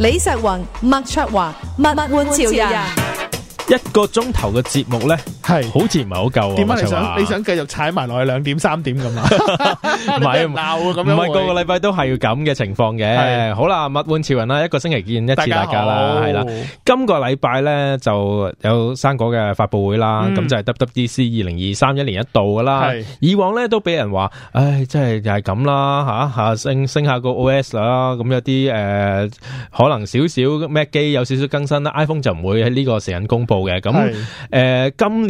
李石雲、麥卓華、麥麥換潮，潮人，一個鐘頭嘅節目呢。係，好似唔係好夠喎，點解你想，你想繼續踩埋落去兩點三點咁啊？唔係鬧啊！咁樣唔係個個禮拜都係要咁嘅情況嘅。好啦，麥碗潮人啦，一個星期見一次大家啦，係啦。今個禮拜咧就有生果嘅發布會啦，咁就係 WWDC 二零二三一年一度噶啦。以往咧都俾人話，唉，即係又係咁啦，吓吓升升下個 OS 啦，咁有啲誒可能少少 Mac 機有少少更新啦，iPhone 就唔會喺呢個時間公布嘅。咁誒今。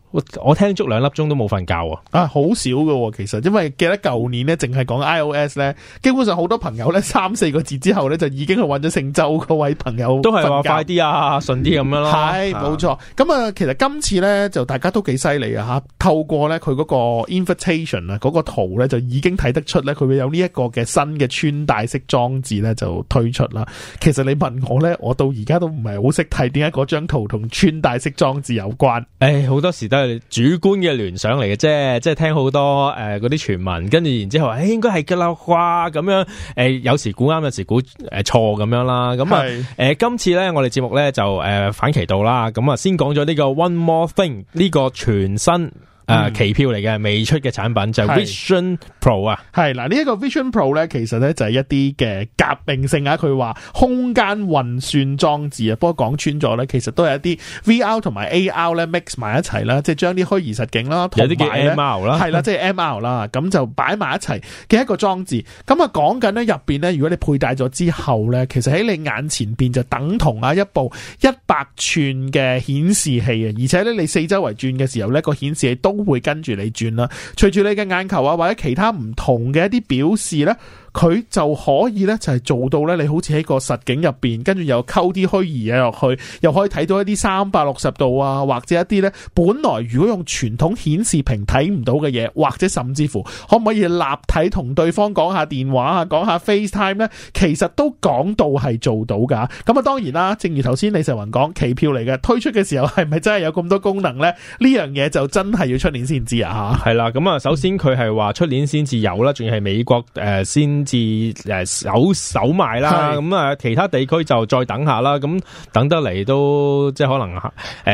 我我聽足兩粒鐘都冇瞓覺啊！啊，好少噶，其實因為記得舊年咧，淨係講 iOS 咧，基本上好多朋友咧，三四個字之後咧，就已經去揾咗姓周嗰位朋友覺。都係話快啲啊，順啲咁樣咯。係， 冇錯。咁啊，其實今次咧就大家都幾犀利啊！吓，透過咧佢嗰個 invitation 啊，嗰個圖咧就已經睇得出咧，佢有的的呢一個嘅新嘅穿戴式裝置咧就推出啦。其實你問我咧，我到而家都唔係好識睇，點解嗰張圖同穿戴式裝置有關？誒、哎，好多時都～主觀嘅聯想嚟嘅啫，即係聽好多誒嗰啲傳聞，跟、呃、住然之後誒、欸、應該係嘅啦啩咁樣，誒有時估啱，有時估誒錯咁樣啦。咁啊，誒、呃呃、今次咧我哋節目咧就誒、呃、反其道啦。咁啊先講咗呢個 One More Thing 呢個全新。啊，奇票嚟嘅未出嘅產品、嗯、就是、Vision Pro 啊，係嗱呢一個 Vision Pro 咧，其實咧就係一啲嘅革命性啊。佢話空間運算裝置啊，不過講穿咗咧，其實都係一啲 VR 同埋 AR 咧 mix 埋一齊啦，即係將啲虛擬實景啦，有啲叫 MR 啦，係啦，即、就、係、是、MR 啦，咁就擺埋一齊嘅一個裝置。咁啊講緊咧入邊咧，如果你佩戴咗之後咧，其實喺你眼前邊就等同啊一部一百寸嘅顯示器啊，而且咧你四周圍轉嘅時候咧個顯示器都。都會跟住你轉啦，隨住你嘅眼球啊，或者其他唔同嘅一啲表示咧。佢就可以咧，就係做到咧。你好似喺個實景入邊，跟住又溝啲虛擬嘢落去，又可以睇到一啲三百六十度啊，或者一啲咧，本來如果用傳統顯示屏睇唔到嘅嘢，或者甚至乎，可唔可以立體同對方講下電話啊，講下 FaceTime 咧？其實都講到係做到㗎。咁啊，當然啦，正如頭先李世云講期票嚟嘅推出嘅時候，係咪真係有咁多功能咧？呢樣嘢就真係要出年先知啊。係啦，咁啊，首先佢係話出年先至有啦，仲要係美國誒、呃、先。至誒、呃，手手賣啦，咁啊，其他地區就再等下啦。咁等得嚟都即係可能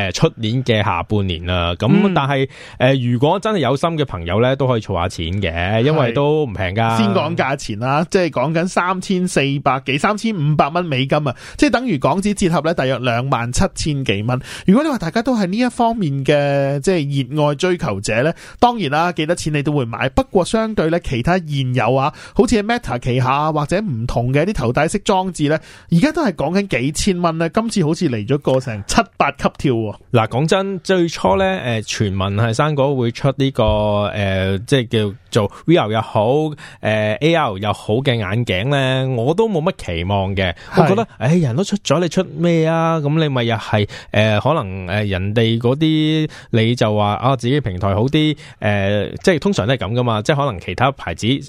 誒，出、呃、年嘅下半年啦。咁、嗯、但係誒、呃，如果真係有心嘅朋友呢，都可以儲下錢嘅，因為都唔平噶。先講價錢啦，即係講緊三千四百幾、三千五百蚊美金啊，即係等於港紙折合呢，大約兩萬七千幾蚊。如果你話大家都係呢一方面嘅即係熱愛追求者呢，當然啦，幾多錢你都會買。不過相對呢，其他現有啊，好似係咩？旗下或者唔同嘅啲頭戴式裝置咧，而家都係講緊幾千蚊咧。今次好似嚟咗個成七八級跳。嗱，講真，最初咧，誒，傳聞係生果會出呢、這個誒、呃，即係叫做 VR 又好，誒、呃、，AR 又好嘅眼鏡咧，我都冇乜期望嘅。我覺得，誒、哎，人都出咗，你出咩啊？咁你咪又係誒，可能誒，人哋啲你就話啊、哦，自己平台好啲，誒、呃，即係通常都係咁噶嘛，即係可能其他牌子誒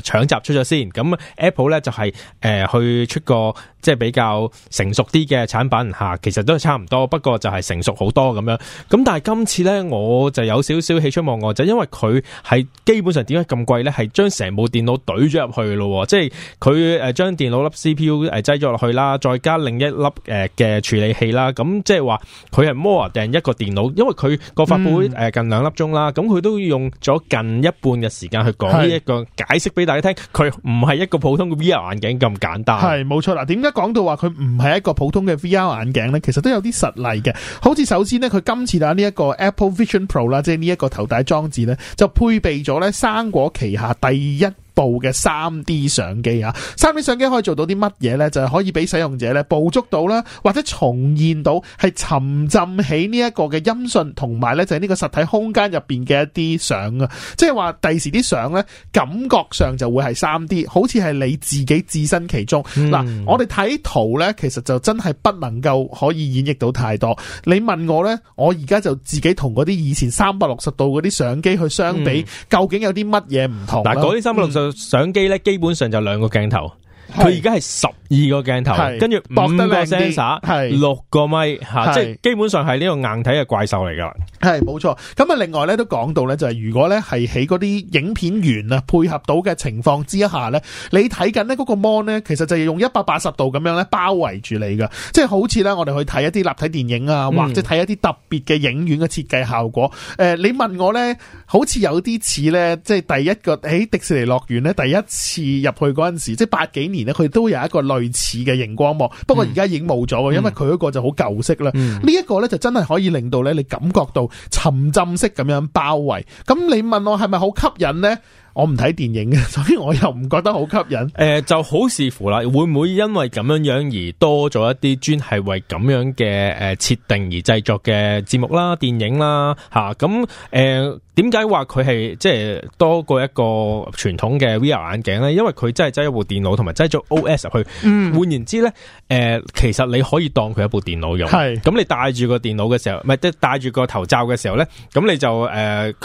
搶閘出咗先。咁 Apple 咧，就係、是、誒、呃、去出個即係比較成熟啲嘅產品吓，其實都係差唔多，不過就係成熟好多咁樣。咁但係今次咧我就有少少喜出望外，就是，因為佢係基本上點解咁貴咧？係將成部電腦懟咗入去咯，即係佢誒將電腦粒 CPU 誒擠咗落去啦，再加另一粒誒嘅處理器啦。咁即係話佢係 more 定一個電腦，因為佢個發布會誒近兩粒鐘啦，咁、嗯、佢都用咗近一半嘅時間去講呢一個解釋俾大家聽，佢。唔係一個普通嘅 VR 眼鏡咁簡單，係冇錯啦。點解講到話佢唔係一個普通嘅 VR 眼鏡呢？其實都有啲實例嘅，好似首先呢，佢今次啊呢一個 Apple Vision Pro 啦，即係呢一個頭戴裝置呢，就配備咗呢生果旗下第一。部嘅三 D 相機啊，三 D 相機可以做到啲乜嘢咧？就係、是、可以俾使用者咧捕捉到啦，或者重現到係沉浸喺呢一個嘅音訊，同埋咧就係呢個實體空間入邊嘅一啲相啊，即係話第時啲相咧感覺上就會係三 D，好似係你自己置身其中。嗱、嗯，我哋睇圖咧，其實就真係不能夠可以演繹到太多。你問我咧，我而家就自己同嗰啲以前三百六十度嗰啲相機去相比，嗯、究竟有啲乜嘢唔同？嗱，嗰啲三百六十。相機咧，基本上就兩個鏡頭。佢而家係十二個鏡頭，跟住五個 s e n s o 係六個 m 吓，即係基本上係呢個硬體嘅怪獸嚟噶係冇錯。咁啊，另外咧都講到咧，就係如果咧係喺嗰啲影片源啊配合到嘅情況之下咧，你睇緊咧嗰個 mon 咧，其實就用一百八十度咁樣咧包圍住你嘅，即係好似咧我哋去睇一啲立體電影啊，或者睇一啲特別嘅影院嘅設計效果。誒、嗯呃，你問我咧，好似有啲似咧，即係第一個喺迪士尼樂園咧，第一次入去嗰陣時，即係八幾年。佢都有一個類似嘅熒光幕，不過而家已經冇咗，因為佢嗰個就好舊式啦。呢一個呢，就真係可以令到咧你感覺到沉浸式咁樣包圍。咁你問我係咪好吸引呢？我唔睇電影嘅，所以我又唔覺得好吸引，呃。誒，就好視乎啦，會唔會因為咁樣樣而多咗一啲專係為咁樣嘅誒設定而製作嘅節目啦、電影啦，吓咁誒？點解話佢係即係多過一個傳統嘅 VR 眼鏡咧？因為佢真係擠一部電腦同埋擠咗 OS 入去。嗯。換言之咧，誒、啊，其實你可以當佢一部電腦用。係。咁你戴住個電腦嘅時候，唔係即係戴住個頭罩嘅時候咧，咁你就誒，佢、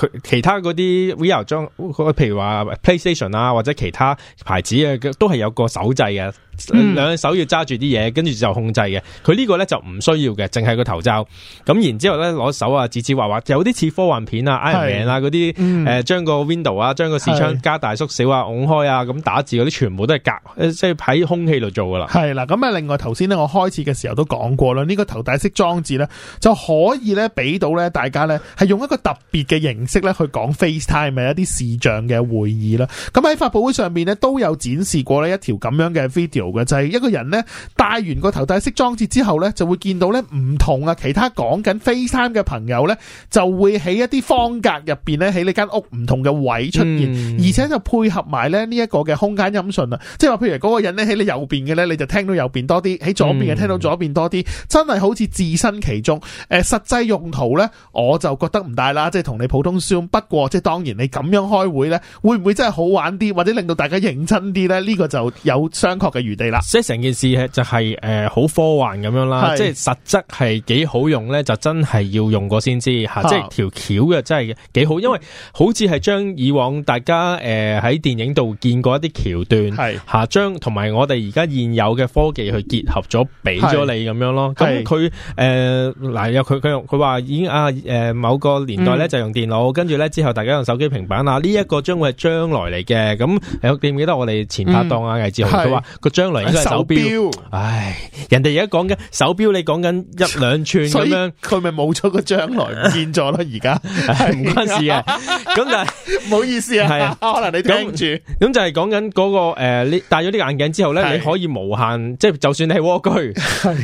啊、其他嗰啲 VR 裝，譬如。話 PlayStation 啊，或者其他牌子啊，都係有個手掣嘅，兩、嗯、隻手要揸住啲嘢，跟住就控制嘅。佢呢個咧就唔需要嘅，淨係個頭罩。咁然之後咧，攞手啊，指指畫畫，有啲似科幻片啊、Iron Man 啊啲，誒，將、呃嗯、個 Window 啊，將個視窗加大縮小啊、拱開啊，咁打字啲，全部都係隔，即係喺空氣度做噶啦。係啦，咁啊，另外頭先咧，我開始嘅時候都講過啦，呢、這個頭戴式裝置咧，就可以咧俾到咧大家咧係用一個特別嘅形式咧去講 FaceTime 啊一啲視像嘅。會議啦，咁喺發佈會上面咧都有展示過呢一條咁樣嘅 video 嘅，就係一個人呢戴完個頭戴式裝置之後呢就會見到呢唔同啊其他講緊 FaceTime 嘅朋友呢就會喺一啲方格入邊呢喺呢間屋唔同嘅位出現，嗯，而且就配合埋呢一個嘅空間音訊啦，即係話譬如嗰個人呢喺你右邊嘅呢，你就聽到右邊多啲，喺左邊嘅，嗯、聽到左邊多啲，真係好似置身其中。誒，實際用途呢，我就覺得唔大啦，即係同你普通 Zoom 不過即係，就是、當然你咁樣開會呢。會唔會真係好玩啲，或者令到大家認真啲咧？呢、這個就有商榷嘅餘地啦、就是呃。即係成件事係就係誒，好科幻咁樣啦。即係實質係幾好用咧，就真係要用過先知吓。即係條橋嘅真係幾好，因為好似係將以往大家誒喺、呃、電影度見過一啲橋段係吓，將同埋我哋而家現有嘅科技去結合咗，俾咗你咁樣咯。咁佢誒嗱，有佢佢用佢話已經啊誒、呃、某個年代咧就用電腦，跟住咧之後大家用手機、平板啊，呢、這、一個將。係將來嚟嘅，咁有記唔記得我哋前拍檔阿魏志豪佢話個將來應該係手表，唉，人哋而家講緊手表，你講緊一兩寸咁樣，佢咪冇咗個將來，唔見咗咯而家，唔關事啊，咁但係唔好意思啊，係啊，可能你頂唔住，咁就係講緊嗰個誒，你戴咗啲眼鏡之後咧，你可以無限，即係就算你係蝸居，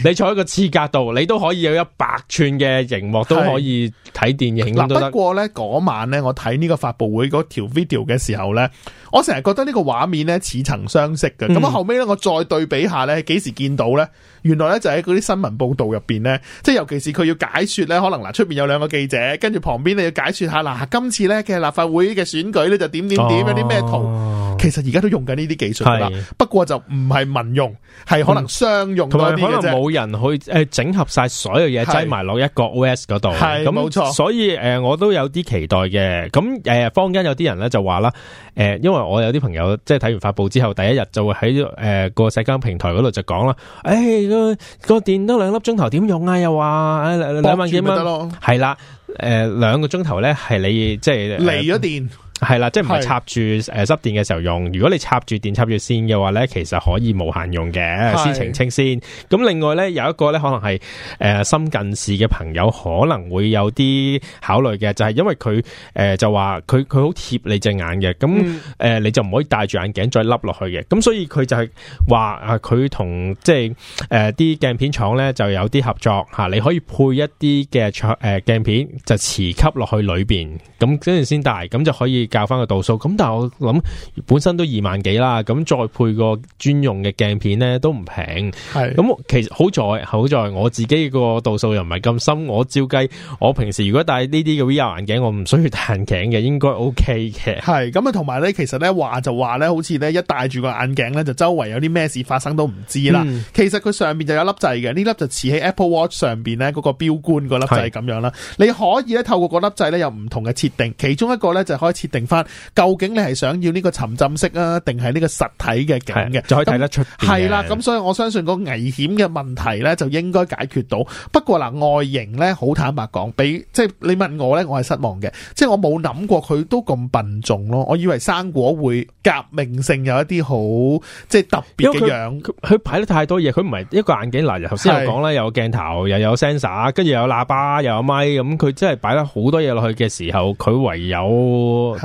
你坐喺個廁格度，你都可以有一百寸嘅螢幕都可以睇電影，嗱，不過咧嗰晚咧，我睇呢個發布會嗰條 video。嘅時候咧。我成日覺得呢個畫面呢似曾相識嘅，咁、嗯、後尾呢我再對比下呢，幾時見到呢？原來呢，就喺嗰啲新聞報道入邊呢，即係尤其是佢要解說呢，可能嗱出、呃、面有兩個記者，跟住旁邊你要解說下嗱、呃，今次呢嘅立法會嘅選舉呢，就點點點有啲咩圖，其實而家都用緊呢啲技術啦，不過就唔係民用，係可能商用，同、嗯、埋可能冇人去整合晒所有嘢，擠埋落一個 O S 嗰度，咁冇錯。所以誒、呃、我都有啲期待嘅。咁誒，坊、呃、間有啲人呢就話啦，誒、呃、因為。我有啲朋友即係睇完發佈之後，第一日就會喺誒個社交平台嗰度就講啦，誒、哎、個、那個電都兩粒鐘頭點用啊？又話兩萬幾蚊得咯？係啦，誒、呃、兩個鐘頭咧係你即係離咗電。呃係啦，即係唔係插住誒濕電嘅時候用。如果你插住電插住線嘅話咧，其實可以無限用嘅。先澄清先。咁另外咧，有一個咧，可能係誒、呃，深近視嘅朋友可能會有啲考慮嘅，就係、是、因為佢誒、呃、就話佢佢好貼你隻眼嘅。咁誒、嗯呃，你就唔可以戴住眼鏡再笠落去嘅。咁所以佢就係話啊，佢同即係誒啲鏡片廠咧就有啲合作吓、啊，你可以配一啲嘅誒鏡片就磁吸落去裏邊，咁跟住先戴，咁就可以。教翻個度數，咁但係我諗本身都二萬幾啦，咁再配個專用嘅鏡片咧都唔平。係咁，其實好在好在我自己個度數又唔係咁深，我照計。我平時如果戴呢啲嘅 VR 眼鏡，我唔需要戴眼鏡嘅，應該 OK 嘅。係咁啊，同埋咧，其實咧話就話咧，好似咧一戴住個眼鏡咧，就周圍有啲咩事發生都唔知啦。嗯、其實佢上面就有粒掣嘅，呢粒就似喺 Apple Watch 上邊咧嗰個錶冠嗰粒掣咁樣啦。你可以咧透過嗰粒掣咧有唔同嘅設定，其中一個咧就可以設定。翻究竟你係想要呢個沉浸式啊，定係呢個實體嘅景嘅，就可以睇得出係啦。咁所以我相信個危險嘅問題咧，就應該解決到。不過嗱，外形咧，好坦白講，比即係你問我咧，我係失望嘅。即係我冇諗過佢都咁笨重咯。我以為生果會革命性有一啲好即係特別嘅樣。佢擺得太多嘢，佢唔係一個眼鏡。嗱、呃，頭先我講啦，有鏡頭，又有 sensor，跟住又有喇叭，又有咪咁，佢真係擺得好多嘢落去嘅時候，佢唯有。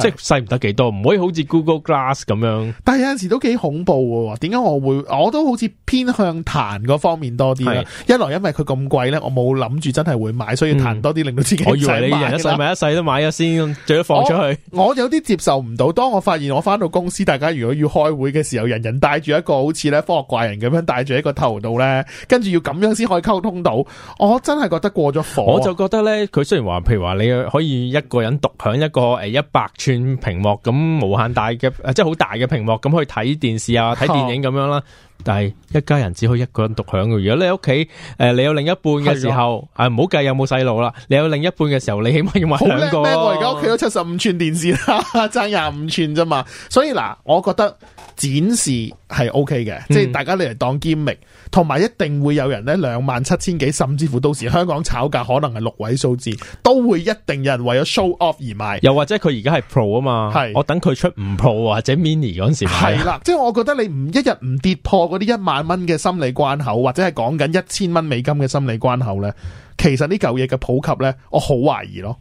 即係細唔得幾多，唔可以好似 Google Glass 咁樣。但係有陣時都幾恐怖嘅，點解我會？我都好似偏向彈嗰方面多啲嘅。一來因為佢咁貴咧，我冇諗住真係會買，所以彈多啲令到自己，嗯。我以為你人一世咪一世都買咗先，先，最多放出去。我，我有啲接受唔到。當我發現我翻到公司，大家如果要開會嘅時候，人人戴住一個好似咧科學怪人咁樣戴住一個頭度咧，跟住要咁樣先可以溝通到。我真係覺得過咗火。我就覺得咧，佢雖然話，譬如話你可以一個人獨享一個誒一百寸，屏幕咁無限大嘅，即係好大嘅屏幕咁去睇電視啊，睇電影咁樣啦。Oh. 但係一家人只可以一個人獨享嘅。如果你喺屋企，誒、呃，你有另一半嘅時候，誒，唔好計有冇細路啦。你有另一半嘅時候，你起碼要買兩個。好叻咩，啊？我而家屋企都七十五寸電視啦，爭廿五寸啫嘛。所以嗱，我覺得。展示係 OK 嘅，即係大家你嚟當兼秘，同、嗯、埋一定會有人呢兩萬七千幾，甚至乎到時香港炒價可能係六位數字，都會一定有人為咗 show off 而買。又或者佢而家係 pro 啊嘛，係，我等佢出唔 pro 或者 mini 嗰陣時。係啦， 即係我覺得你唔一日唔跌破嗰啲一萬蚊嘅心理關口，或者係講緊一千蚊美金嘅心理關口呢，其實呢嚿嘢嘅普及呢，我好懷疑咯。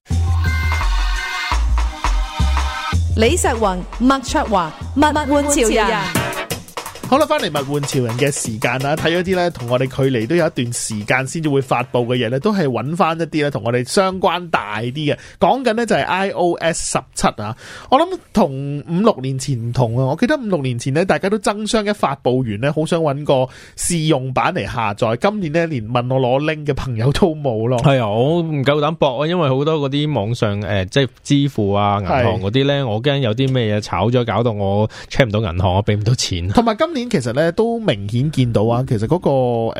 李石宏、麥卓華、麥麥換潮人。好啦，翻嚟物玩潮人嘅時間啦，睇咗啲咧同我哋距離都有一段時間先至會發佈嘅嘢咧，都係揾翻一啲咧同我哋相關大啲嘅。講緊咧就係 iOS 十七啊，我諗同五六年前唔同啊。我記得五六年前咧，大家都爭相一發佈完咧，好想揾個試用版嚟下載。今年咧連問我攞 link 嘅朋友都冇咯。係啊，我唔夠膽搏啊，因為好多嗰啲網上誒、欸、即係支付啊銀、銀行嗰啲咧，我驚有啲咩嘢炒咗，搞到我 check 唔到銀行、啊，我俾唔到錢。同埋今年。其實咧都明顯見到啊，其實嗰個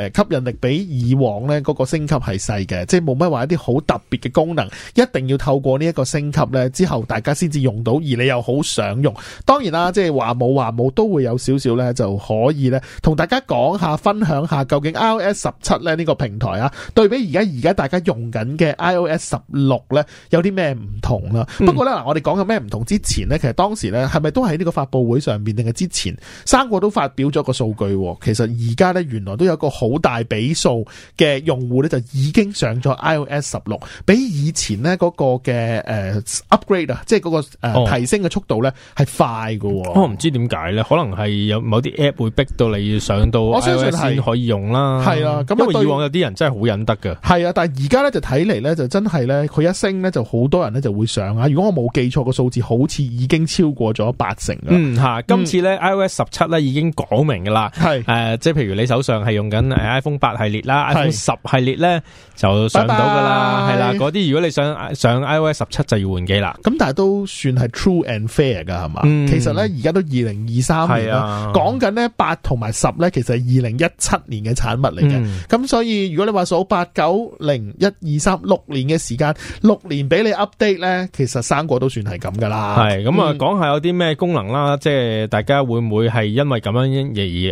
誒吸引力比以往咧嗰個升級係細嘅，即係冇乜話一啲好特別嘅功能，一定要透過呢一個升級咧之後，大家先至用到，而你又好想用。當然啦，即係話冇話冇都會有少少咧，就可以咧同大家講下分享下究竟 iOS 十七咧呢個平台啊，對比而家而家大家用緊嘅 iOS 十六咧有啲咩唔同啊、嗯。不過咧嗱，我哋講緊咩唔同之前咧，其實當時咧係咪都喺呢個發布會上面定係之前三個都發？表咗個數據，其實而家咧原來都有個好大比數嘅用戶咧就已經上咗 iOS 十六，比以前咧嗰、嗰個嘅誒、呃、upgrade 啊、嗰個，即係嗰個誒提升嘅速度咧係、哦、快嘅、哦。我唔知點解咧，可能係有某啲 app 會逼到你要上到、iOS、我相信係可以用啦。係啦、啊，因為以往有啲人真係好忍得㗎。係啊，但係而家咧就睇嚟咧就真係咧，佢一升咧就好多人咧就會上啊。如果我冇記錯個數字，好似已經超過咗八成㗎喇，嗯，吓、啊嗯，今次咧 iOS 十七咧已經。講明噶啦，係誒，即、呃、係譬如你手上係用緊 iPhone 八系列啦，iPhone 十系列咧就上唔到噶啦，係啦，嗰啲如果你想上，上 iOS 十七就要換機啦。咁但係都算係 true and fair 噶係嘛？其實咧而家都二零二三年啦，講緊咧八同埋十咧其實係二零一七年嘅產物嚟嘅。咁、嗯、所以如果你話數八九零一二三六年嘅時間，六年俾你 update 咧，其實生果都算係咁噶啦。係咁啊，講、嗯、下有啲咩功能啦，即係大家會唔會係因為咁樣？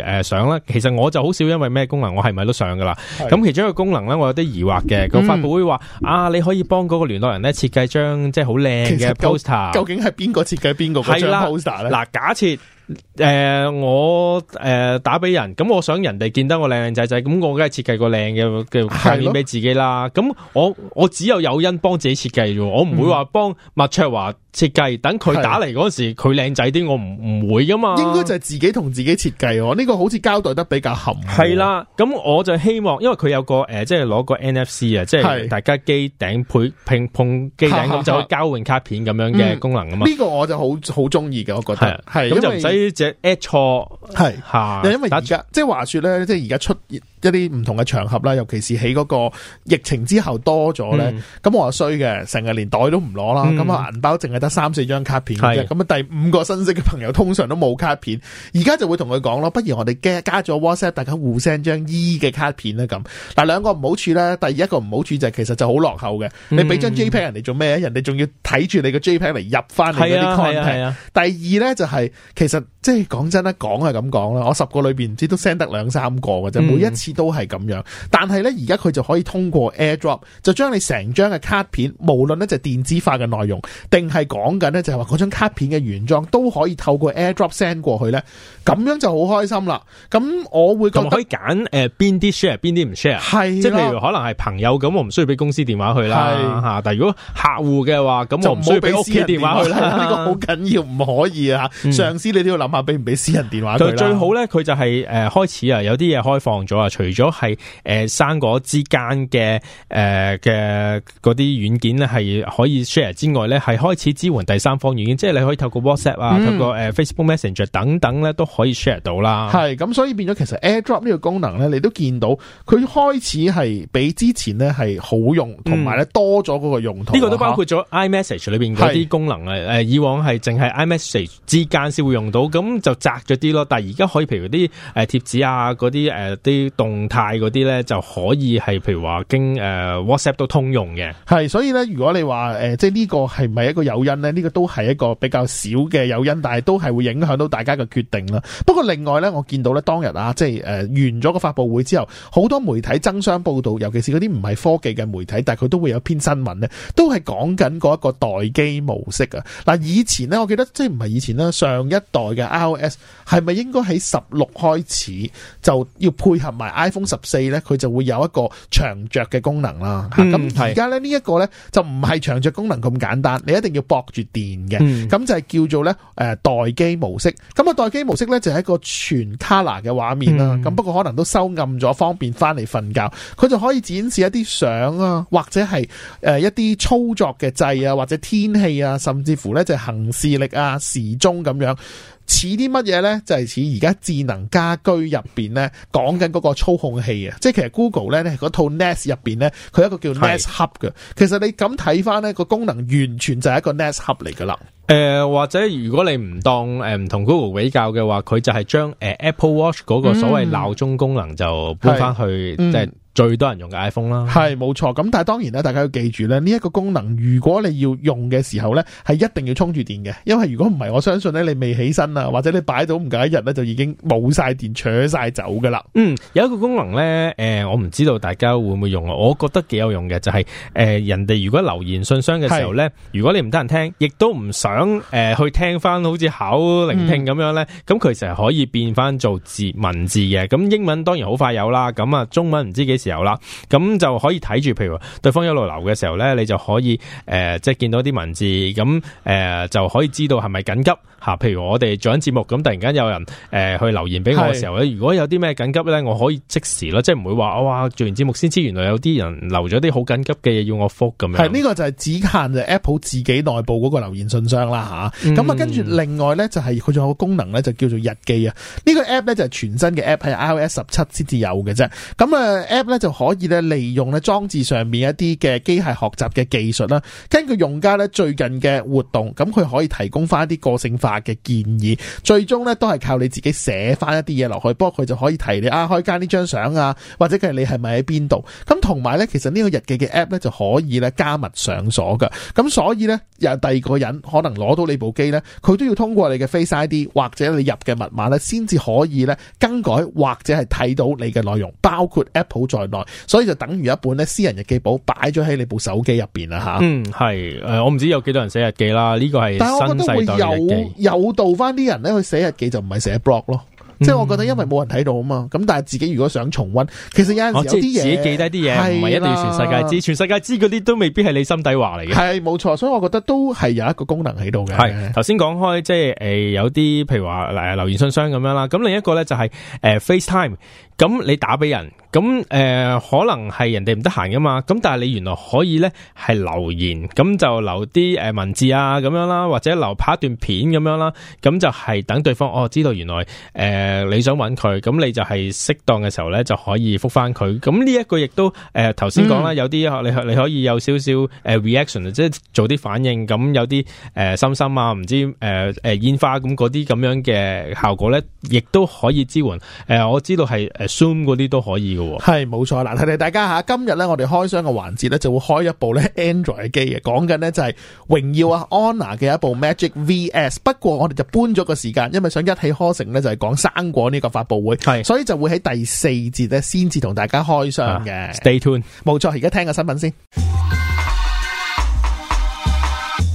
而上啦，其實我就好少因為咩功能，我係咪都上噶啦？咁其中一個功能咧，我有啲疑惑嘅。個、嗯、發佈會話啊，你可以幫嗰個聯絡人咧設計張即係好靚嘅 poster。究竟係邊個設計邊個嗰張 poster 咧？嗱，假設。誒、呃，我誒、呃、打俾人，咁、嗯、我想人哋見得我靚仔仔，咁、嗯、我梗係設計個靚嘅嘅卡片俾自己啦。咁我我只有有因幫自己設計啫，我唔會話幫麥卓華設計。等佢打嚟嗰時，佢靚仔啲，我唔唔會㗎嘛。應該就係自己同自己設計，呢、這個好似交代得比較含蓄。係啦，咁我就希望，因為佢有個誒、呃，即係攞個 NFC 啊，即係大家機頂配拼碰機頂咁就可以交換卡片咁樣嘅功能啊嘛。呢、嗯這個我就好好中意嘅，我覺得係，咁、嗯、就唔使。呢隻 at 錯係吓， 因為而家即係話說咧，即係而家出現。一啲唔同嘅場合啦，尤其是喺嗰個疫情之後多咗咧，咁、嗯、我話衰嘅，成日連袋都唔攞啦，咁、嗯、啊銀包淨係得三四張卡片嘅，咁啊第五個新識嘅朋友通常都冇卡片，而家就會同佢講咯，不如我哋加咗 WhatsApp，大家互相將「E 嘅卡片啦咁。但兩個唔好處咧，第二一個唔好處就係、是、其實就好落後嘅，你俾張 JPEG 人哋做咩、嗯？人哋仲要睇住你個 JPEG 嚟入翻你嗰啲 contact。第二咧就係、是、其實即係講真啦，講係咁講啦，我十個裏邊唔知都 send 得兩三個嘅就、嗯、每一次。都係咁樣，但係咧而家佢就可以通過 AirDrop 就將你成張嘅卡片，無論咧就電子化嘅內容，定係講緊咧就係話嗰張卡片嘅原裝都可以透過 AirDrop send 過去咧，咁樣就好開心啦。咁我會覺得，咁可以揀誒邊啲 share 邊啲唔 share，係即係譬如可能係朋友咁，我唔需要俾公司電話去啦吓。但係如果客戶嘅話，咁就唔好俾公司電話去啦。呢 個好緊要，唔可以啊、嗯！上司你都要諗下俾唔俾私人電話去。最好咧，佢就係誒開始啊，有啲嘢開放咗啊。除咗係誒生果之間嘅誒嘅啲軟件咧，係可以 share 之外咧，係開始支援第三方軟件，即係你可以透過 WhatsApp 啊、嗯、透過誒、呃、Facebook Messenger 等等咧，都可以 share 到啦。係咁，所以變咗其實 AirDrop 呢個功能咧，你都見到佢開始係比之前咧係好用，同埋咧多咗個用途。呢、呢個都包括咗 iMessage 裏邊啲功能啊。誒、呃、以往係淨係 iMessage 之間先會用到，咁就窄咗啲咯。但係而家可以譬如啲誒貼紙啊，啲誒啲動。動態嗰啲咧就可以係，譬如話經誒、呃、WhatsApp 都通用嘅。係，所以咧如果你話誒、呃，即係呢個係唔係一個誘因咧？呢個都係一個比較少嘅誘因，但係都係會影響到大家嘅決定啦。不過另外咧，我見到咧當日啊，即係誒完咗個發佈會之後，好多媒體爭相報道，尤其是嗰啲唔係科技嘅媒體，但係佢都會有篇新聞咧，都係講緊嗰一個待機模式啊。嗱，以前咧我記得即係唔係以前啦，上一代嘅 iOS 係咪應該喺十六開始就要配合埋？iPhone 十四咧，佢就會有一個長着嘅功能啦。咁而家咧呢一個咧就唔係長着功能咁簡單，你一定要駁住電嘅。咁、嗯、就係叫做咧誒待機模式。咁啊待機模式咧就係一個全 color 嘅畫面啦。咁、嗯、不過可能都收暗咗，方便翻嚟瞓覺。佢就可以展示一啲相啊，或者係誒一啲操作嘅掣啊，或者天氣啊，甚至乎咧就係行事力啊、時鐘咁樣。似啲乜嘢咧？就係似而家智能家居入邊咧，講緊嗰個操控器啊！即係其實 Google 咧，嗰套 Nest 入邊咧，佢一個叫 Nest Hub 嘅。其實你咁睇翻咧，個功能完全就係一個 Nest Hub 嚟噶啦。誒、呃，或者如果你唔當誒唔、呃、同 Google 比較嘅話，佢就係將誒 Apple Watch 嗰個所謂鬧鐘功能就搬翻去即係。嗯就係嗯最多人用嘅 iPhone 啦，係冇錯。咁但係當然大家要記住咧，呢一個功能如果你要用嘅時候咧，係一定要充住電嘅，因為如果唔係，我相信咧你未起身啊，或者你擺到唔夠一日咧，就已經冇晒電，扯晒走噶啦。嗯，有一個功能咧，誒，我唔知道大家會唔會用，我覺得幾有用嘅，就係，誒，人哋如果留言信箱嘅時候咧，如果你唔得閒聽，亦都唔想誒去聽翻好似考聆聽咁樣咧，咁其實係可以變翻做字文字嘅。咁英文當然好快有啦，咁啊中文唔知幾。時候啦，咁就可以睇住，譬如對方一路留嘅時候咧，你就可以誒、呃，即係見到啲文字，咁誒、呃、就可以知道係咪緊急吓。譬如我哋做緊節目，咁突然間有人誒、呃、去留言俾我嘅時候咧，如果有啲咩緊急咧，我可以即時咯，即係唔會話哇做完節目先知，原來有啲人留咗啲好緊急嘅嘢要我復咁樣。係呢、這個就係只限就 Apple 自己內部嗰個留言信箱啦吓。咁啊，嗯、跟住另外咧就係佢仲有個功能咧，就叫做日記啊。呢、這個 App 咧就係全新嘅 App，係 iOS 十七先至有嘅啫。咁啊，App。咧就可以咧利用咧裝置上面一啲嘅機械學習嘅技術啦，根據用家咧最近嘅活動，咁佢可以提供翻一啲個性化嘅建議。最終咧都係靠你自己寫翻一啲嘢落去，不過佢就可以提你啊，可以加呢張相啊，或者佢你係咪喺邊度？咁同埋咧，其實呢個日記嘅 app 咧就可以咧加密上鎖噶。咁所以咧，有第二個人可能攞到你部機咧，佢都要通過你嘅 Face ID 或者你入嘅密碼咧，先至可以咧更改或者係睇到你嘅內容，包括 Apple 所以就等於一本咧私人日記簿擺咗喺你部手機入邊啦吓，嗯係誒我唔知有幾多人寫日記啦呢個係，但係我覺得都會有有導返啲人咧去寫日記就唔係寫 blog 咯，即係我覺得因為冇人睇到啊嘛，咁但係自己如果想重溫，其實有陣時有啲嘢，自己記低啲嘢唔係一定要全世界知，全世界知嗰啲都未必係你心底話嚟嘅。係冇錯，所以我覺得都係有一個功能喺度嘅。係頭先講開即係誒有啲譬如話留言信箱咁樣啦，咁另一個咧就係誒 FaceTime。咁你打俾人，咁、呃、可能係人哋唔得閒噶嘛，咁但係你原來可以咧係留言，咁就留啲文字啊咁樣啦，或者留拍一段片咁樣啦，咁就係等對方哦知道原來、呃、你想揾佢，咁你就係適當嘅時候咧就可以覆返佢。咁呢一個亦都誒頭先講啦，有啲你你可以有少少 reaction，即係做啲反應，咁有啲心心啊，唔知誒誒、呃、煙花咁嗰啲咁樣嘅效果咧，亦都可以支援。呃、我知道係 Zoom 嗰啲都可以嘅喎，係冇錯啦。嚟嚟大家吓，今日咧我哋開箱嘅環節咧就會開一部咧 Android 嘅機嘅，講緊咧就係榮耀啊，Honor 嘅一部 Magic Vs。不過我哋就搬咗個時間，因為想一氣呵成咧就係講生果呢個發佈會，係所以就會喺第四節咧先至同大家開箱嘅。Stay tuned，冇錯，而家聽個新聞先。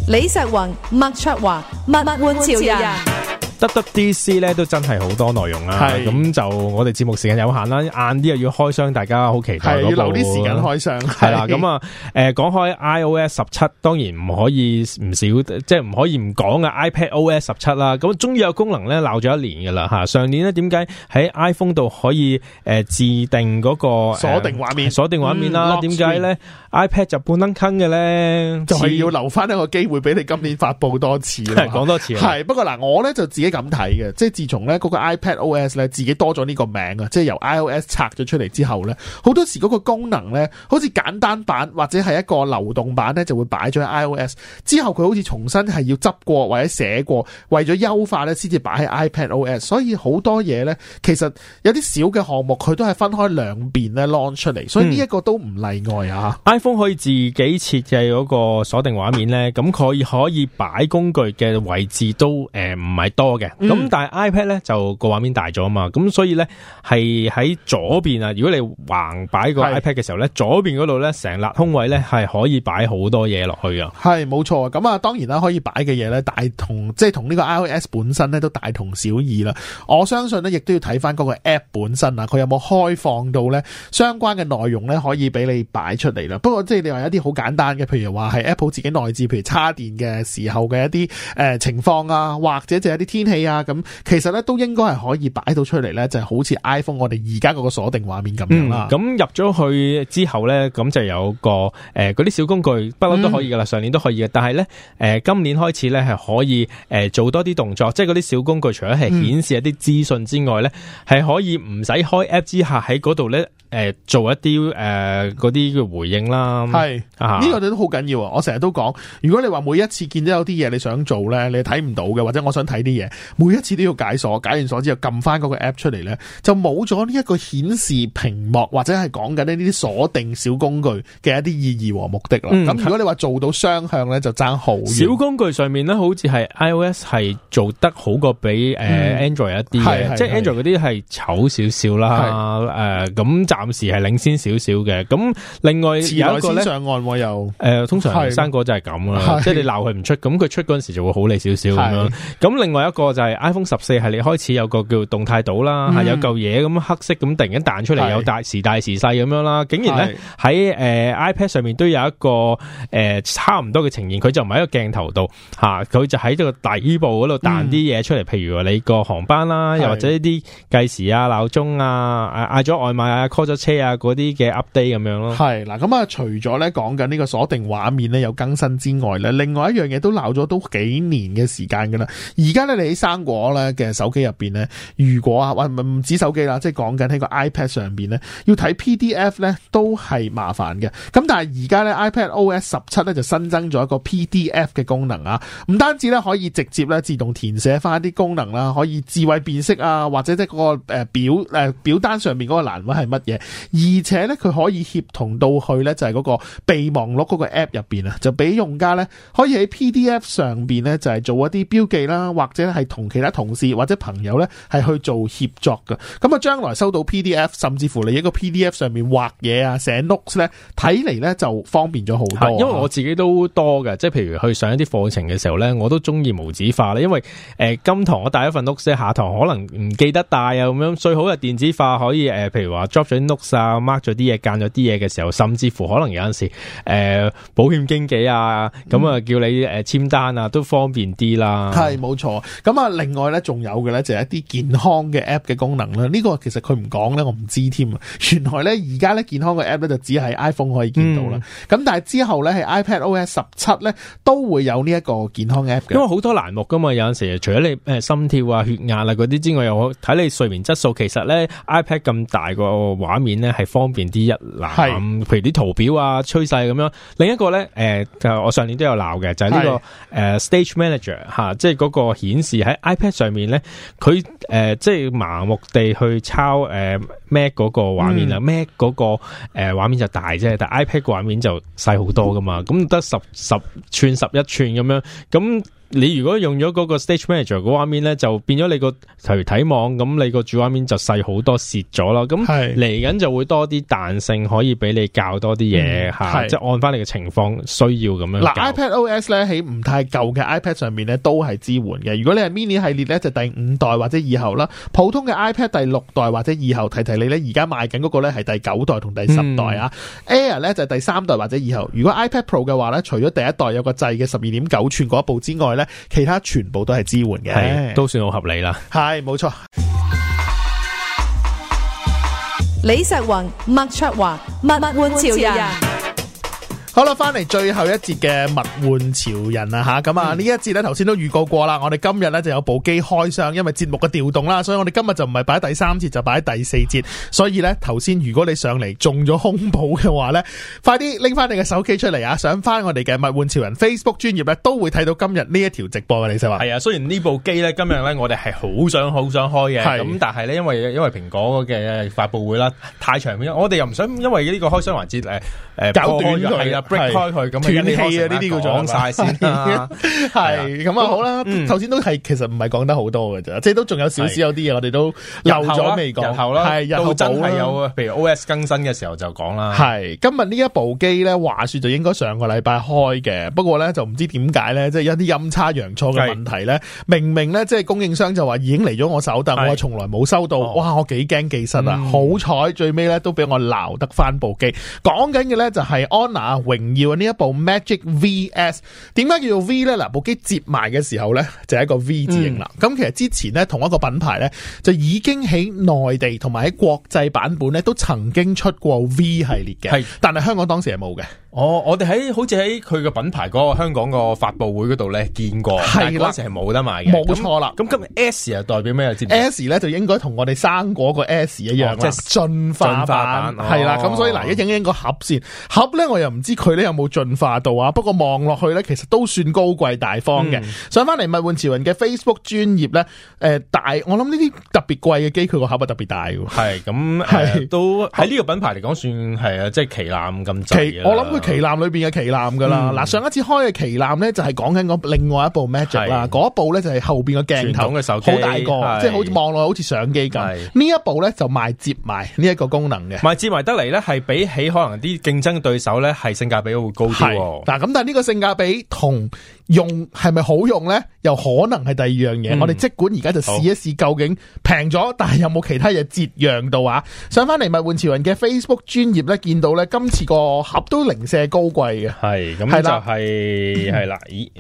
李石雲、麥卓華、默默換潮人。WWDC 咧都真係好多內容啦、啊，咁、嗯、就我哋節目時間有限啦，晏啲又要開箱，大家好期待要留啲時間開箱。係啦，咁啊，誒、嗯，講、嗯嗯嗯嗯嗯、開 iOS 十七，當然唔可以唔少，即係唔可以唔講嘅 iPad O.S. 十七啦。咁終於有功能咧鬧咗一年㗎啦吓。上年咧點解喺 iPhone 度可以誒、呃，自定嗰、那個鎖、呃、定畫面，鎖、嗯、定畫面啦。點解咧 iPad 就半登坑嘅咧？就係、是、要留翻一個機會俾你今年發布多次啦。講多次係，不過嗱，我咧就自。啲咁睇嘅，即係自從咧個 iPad OS 咧自己多咗呢個名啊，即係由 iOS 拆咗出嚟之後咧，好多時個功能咧，好似簡單版或者係一個流動版咧，就會擺咗喺 iOS 之後，佢好似重新係要執過或者寫過，為咗優化咧，先至擺喺 iPad OS。所以好多嘢咧，其實有啲小嘅項目，佢都係分開兩邊咧 launch 出嚟。所以呢一個都唔例外啊、嗯。iPhone 可以自己設計個鎖定畫面咧，咁佢可以擺工具嘅位置都誒唔係多。嘅、嗯、咁，但係 iPad 咧就個畫面大咗啊嘛，咁所以咧係喺左邊啊。如果你橫擺個 iPad 嘅時候咧，左邊嗰度咧成粒空位咧係可以擺好多嘢落去啊。係冇錯啊，咁啊當然啦，可以擺嘅嘢咧大同即係、就是、同呢個 iOS 本身咧都大同小異啦。我相信咧亦都要睇翻嗰個 App 本身啊，佢有冇開放到咧相關嘅內容咧可以俾你擺出嚟啦。不過即係你話有一啲好簡單嘅，譬如話係 Apple 自己內置，譬如插電嘅時候嘅一啲誒、呃、情況啊，或者就係一啲天。啊咁，其實咧都應該係可以擺到出嚟，咧，就係好似 iPhone 我哋而家嗰個鎖定畫面咁樣啦、嗯。咁入咗去之後咧，咁就有個誒嗰啲小工具不嬲都可以噶啦，嗯、上年都可以嘅。但係咧誒今年開始咧係可以誒、呃、做多啲動作，即係嗰啲小工具除咗係顯示一啲資訊之外咧，係、嗯、可以唔使開 app 之下喺嗰度咧。誒、呃，做一啲誒嗰啲嘅回應啦，係，呢、啊這個都好緊要。我成日都講，如果你話每一次見到有啲嘢你想做咧，你睇唔到嘅，或者我想睇啲嘢，每一次都要解鎖，解完鎖之後撳翻個 app 出嚟咧，就冇咗呢一個顯示屏幕或者係講緊呢啲鎖定小工具嘅一啲意義和目的啦。咁、嗯、如果你話做到雙向咧，就爭好。小工具上面咧，好似係 iOS 係做得好過比誒、呃嗯、Android 一啲，即係、就是、Android 嗰啲係醜少少啦。誒，咁暫時係領先少少嘅，咁另外有一個咧，上岸喎、啊、又，誒、呃、通常係生果就係咁啦，即係、就是、你鬧佢唔出，咁佢出嗰陣時就會好你少少咁樣。咁另外一個就係 iPhone 十四，係你開始有個叫動態島啦，係、嗯、有嚿嘢咁黑色咁突然間彈出嚟，有大時大時細咁樣啦。竟然咧喺誒 iPad 上面都有一個誒、呃、差唔多嘅、呃、呈現，佢就唔係喺個鏡頭度嚇，佢、啊、就喺呢個底部嗰度彈啲嘢出嚟，譬、嗯、如話你個航班啦，又或者啲計時啊、鬧鐘啊、嗌咗外賣啊、咗車啊，嗰啲嘅 update 咁樣咯，係嗱咁啊，除咗咧講緊呢個鎖定畫面咧有更新之外咧，另外一樣嘢都鬧咗都幾年嘅時間噶啦，而家咧你喺生果咧嘅手機入邊咧，如果啊，唔係唔止手機啦，即係講緊喺個 iPad 上邊咧，要睇 PDF 咧都係麻煩嘅。咁但係而家咧 iPadOS 十七咧就新增咗一個 PDF 嘅功能啊，唔單止咧可以直接咧自動填寫翻一啲功能啦，可以智慧辨識啊，或者即係個誒表誒、呃、表單上面嗰個欄位係乜嘢。而且咧，佢可以協同到去咧，就係嗰個備忘錄嗰個 app 入邊啊，就俾用家咧可以喺 PDF 上邊咧，就係做一啲標記啦，或者係同其他同事或者朋友咧係去做協作㗎。咁啊，將來收到 PDF，甚至乎你一個 PDF 上面畫嘢啊，寫 notes 咧，睇嚟咧就方便咗好多。因為我自己都多嘅，即係譬如去上一啲課程嘅時候咧，我都中意無紙化咧，因為誒今、呃、堂我帶一份 notes，下堂可能唔記得帶啊咁樣，最好係電子化，可以誒、呃，譬如話碌晒 mark 咗啲嘢，間咗啲嘢嘅時候，甚至乎可能有陣時，誒、呃，保險經紀啊，咁啊叫你誒簽單啊、嗯，都方便啲啦。係，冇錯。咁啊，另外咧仲有嘅咧就係一啲健康嘅 app 嘅功能啦。呢、這個其實佢唔講咧，我唔知添啊。原來咧而家咧健康嘅 app 咧就只係 iPhone 可以見到啦。咁、嗯、但係之後咧係 iPad OS 十七咧都會有呢一個健康 app 嘅。因為好多欄目噶嘛，有陣時除咗你誒心跳啊、血壓啦嗰啲之外，又睇你睡眠質素。其實咧 iPad 咁大個玩。畫面咧係方便啲一覽，譬如啲圖表啊、趨勢咁樣。另一個咧，誒、呃，就我上年都有鬧嘅，就係、是、呢、這個誒、呃、Stage Manager 吓、啊，即係嗰個顯示喺 iPad 上面咧，佢誒、呃、即係麻木地去抄誒、呃、Mac 嗰個畫面啊、嗯、，Mac 嗰、那個誒畫、呃、面就大啫，但係 iPad 個畫面就細好多噶嘛，咁得十十寸十一寸咁樣咁。你如果用咗嗰個 Stage Manager 嗰畫面咧，就變咗你個，例如睇網咁，你個主畫面就細好多，蝕咗咯。咁係嚟緊就會多啲彈性，可以俾你教多啲嘢吓，即係按翻你嘅情況需要咁樣。嗱、啊、，iPad O S 咧喺唔太舊嘅 iPad 上面咧都係支援嘅。如果你係 Mini 系列咧，就第五代或者以後啦。普通嘅 iPad 第六代或者以後，提提你咧，而家賣緊嗰個咧係第九代同第十代啊。嗯、Air 咧就係、是、第三代或者以後。如果 iPad Pro 嘅話咧，除咗第一代有個掣嘅十二點九寸嗰一部之外，其他全部都係支援嘅，都算好合理啦。係，冇錯。李石宏、麥卓華、物玩潮人。好啦，翻嚟最後一節嘅物玩潮人啊吓，咁啊呢一節咧頭先都預告過啦。我哋今日咧就有部機開箱，因為節目嘅調動啦，所以我哋今日就唔係擺第三節，就擺第四節。所以咧頭先，如果你上嚟中咗空寶嘅話咧，快啲拎翻你嘅手機出嚟啊！上翻我哋嘅物玩潮人 Facebook 專頁咧，都會睇到今日呢一條直播嘅。你生話係啊，雖然部機呢部機咧今日咧我哋係好想好想開嘅，咁、啊、但係咧因為因為蘋果嘅發布會啦太長我哋又唔想因為呢個開箱環節誒誒搞斷咗 break 開佢咁斷氣啊！呢啲叫做講晒先，係咁啊，好啦。頭、嗯、先都係其實唔係講得好多嘅咋。即、就、係、是、都仲有少少有啲嘢我哋都漏咗未講，後啦，到真係有，譬如 OS 更新嘅時候就講啦。係今日呢一部機咧，話說就應該上個禮拜開嘅，不過咧就唔知點解咧，即係有啲陰差陽錯嘅問題咧。明明咧即係供應商就話已經嚟咗我手，但我從來冇收到、哦。哇！我幾驚寄失啊！嗯、好彩最尾咧都俾我鬧得翻部機。講緊嘅咧就係 Honor 榮耀呢一部 Magic VS 點解叫做 V 咧？嗱，部機接埋嘅時候咧，就係一個 V 字型啦。咁、嗯、其實之前咧，同一個品牌咧，就已經喺內地同埋喺國際版本咧，都曾經出過 V 系列嘅。係，但係香港當時係冇嘅。哦，我哋喺好似喺佢嘅品牌嗰個香港個發布會嗰度咧見過，係嗰時係冇得賣嘅。冇錯啦，咁今日 S 啊代表咩啊？知唔知？S 咧就應該同我哋生果個 S 一樣，即係進化版，係啦。咁、哦、所以嗱，來影一影個盒先，盒咧我又唔知佢咧有冇進化到啊。不過望落去咧，其實都算高貴大方嘅。上翻嚟物玩潮人嘅 Facebook 專頁咧，誒、呃，大我諗呢啲特別貴嘅機，佢個盒擘特別大，係咁係都喺呢個品牌嚟講，算係啊，即係旗艦咁。我諗佢。旗艦裏邊嘅旗艦噶啦，嗱、嗯、上一次開嘅旗艦咧就係講緊另外一部 Magic 啦，嗰一部咧就係後邊嘅鏡頭嘅手機，好大一個，即係、就是、好似望落好似相機咁。呢一部咧就賣接埋呢一個功能嘅，賣接埋得嚟咧係比起可能啲競爭對手咧係性價比會高啲。嗱咁但係呢個性價比同用係咪好用咧？又可能係第二樣嘢。我哋即管而家就試一試究竟平咗，但係有冇其他嘢折讓到啊？上翻嚟物玩潮人嘅 Facebook 專頁咧，見到咧今次個盒都零。射高貴嘅係咁就係係啦，咦誒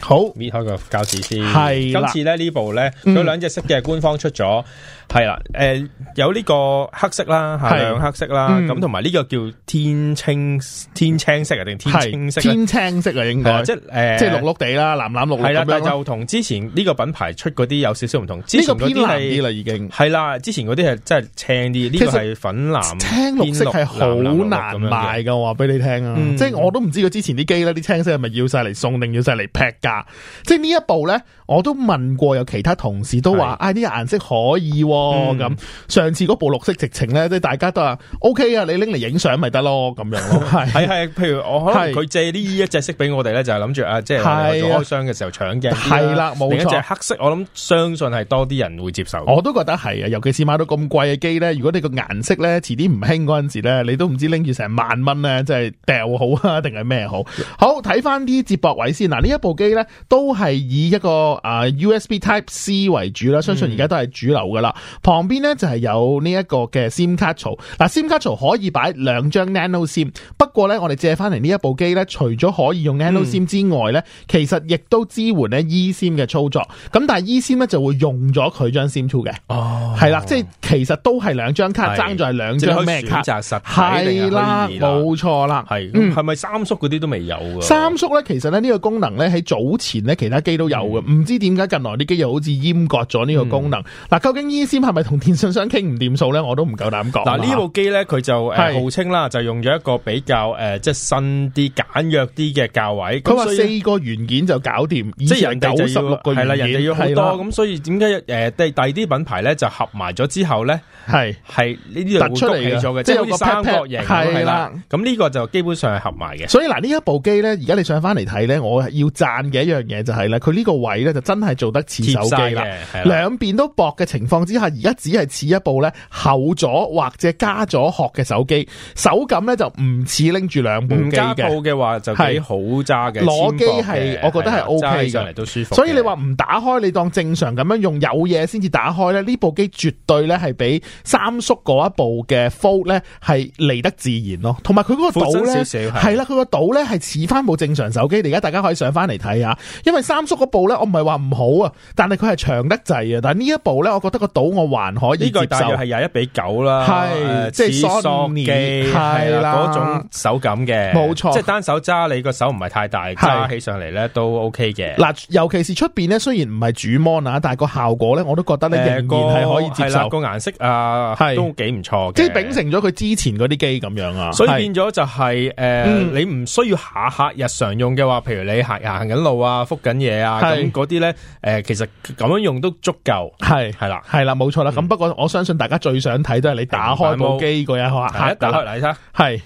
好搣開個膠紙先，係今次咧呢部咧、嗯、有兩隻色嘅官方出咗係啦，誒、呃、有呢個黑色啦，兩黑色啦，咁同埋呢個叫天青，天青，色天，青色天青色啊，定天青色天青色啊，應該即係誒、呃、即係綠綠地啦，藍綠綠藍綠係啦，但就同之前呢個品牌出嗰啲有少少唔同，呢個偏藍啲啦，已經係啦，之前嗰啲係真係青啲，呢、這個係粉藍綠綠青綠色係好難賣噶，我話俾你聽。嗯嗯、即係我都唔知佢之前啲機咧，啲青色係咪要晒嚟送，定要晒嚟劈價？即係呢一部咧。我都問過，有其他同事都話，唉，啲、啊、顏色可以喎、啊。咁、嗯、上次嗰部綠色直情咧，即係大家都話 O K 啊，你拎嚟影相咪得咯，咁樣咯。係 係，譬如我可能佢借呢一隻色俾我哋咧，就係諗住啊，即係開箱嘅時候搶嘅。係啦、啊，冇、啊啊、錯。另一隻黑色，我諗相信係多啲人會接受。我都覺得係啊，尤其是買到咁貴嘅機咧，如果你個顏色咧遲啲唔興嗰陣時咧，你都唔知拎住成萬蚊咧，即係掉好啊，定係咩好？好睇翻啲接駁位先嗱，呢一部機咧都係以一個。啊、呃、，USB Type C 為主啦，相信而家都係主流噶啦、嗯。旁邊呢就係、是、有呢一個嘅 SIM 卡槽。嗱、啊、，SIM 卡槽可以擺兩張 nano SIM，不過呢，我哋借翻嚟呢一部機呢，除咗可以用 nano SIM 之外呢，嗯、其實亦都支援呢 e SIM 嘅操作。咁但係 e SIM 呢就會用咗佢張 SIM Two 嘅。哦，係啦，即係其實都係兩張卡，爭在兩張咩卡？卡選擇實體。係啦，冇錯啦，係。咪、嗯、三叔嗰啲都未有㗎？三叔呢，其實呢、這個功能呢，喺早前呢，其他機都有嘅。嗯知點解近來啲機又好似閹割咗呢個功能？嗱、嗯，究竟 E C M 係咪同電信商傾唔掂數咧？我都唔夠膽講。嗱，呢部機咧，佢就誒號稱啦，就用咗一個比較誒即係新啲簡約啲嘅價位。佢話四個元件就搞掂，即係人哋九十六個元件係啦，人哋要好多。咁所以點解誒第第二啲品牌咧就合埋咗之後咧？係係呢啲突出嚟嘅，即係有個三角形係啦。咁呢、個就基本上係合埋嘅。所以嗱，呢一部機咧，而家你上翻嚟睇咧，我要讚嘅一樣嘢就係、係、咧，佢呢個位咧就真係做得似手機啦，兩邊都薄嘅情況之下，而家只係似一部咧厚咗或者加咗殼嘅手機，手感咧就唔似拎住兩部機嘅。嘅、嗯、話就係好揸嘅，攞機，係我覺得係 O K 上嚟都舒服。所以你話唔打開，你當正常咁樣用，有嘢先至打開咧。呢部機絕對咧係比。三叔嗰一部嘅 Fold 咧，係嚟得自然咯，同埋佢嗰個島咧，係啦，佢個島咧係似翻部正常手機。而家大家可以上翻嚟睇下，因為三叔嗰部咧，我唔係話唔好啊，但係佢係長得滯啊。但係呢一部咧，我覺得個島我還可以接受，大約係廿一比九啦，係即係索尼係啦嗰種手感嘅，冇錯，即係單手揸你個手唔係太大，揸起上嚟咧都 OK 嘅。嗱，尤其是出邊咧，雖然唔係主 mon 啊，但係個效果咧，我都覺得咧仍然係可以接受。個顏色啊。呃啊，都幾唔錯，即係秉承咗佢之前嗰啲機咁樣啊，所以變咗就係、是、誒、呃嗯，你唔需要下下日常用嘅話，譬如你行行行緊路啊，覆緊嘢啊，咁嗰啲咧誒，其實咁樣用都足夠，係係啦，係啦，冇、嗯、錯啦。咁、嗯、不過我相信大家最想睇都係你打開部機嗰一刻，打開嚟睇。係。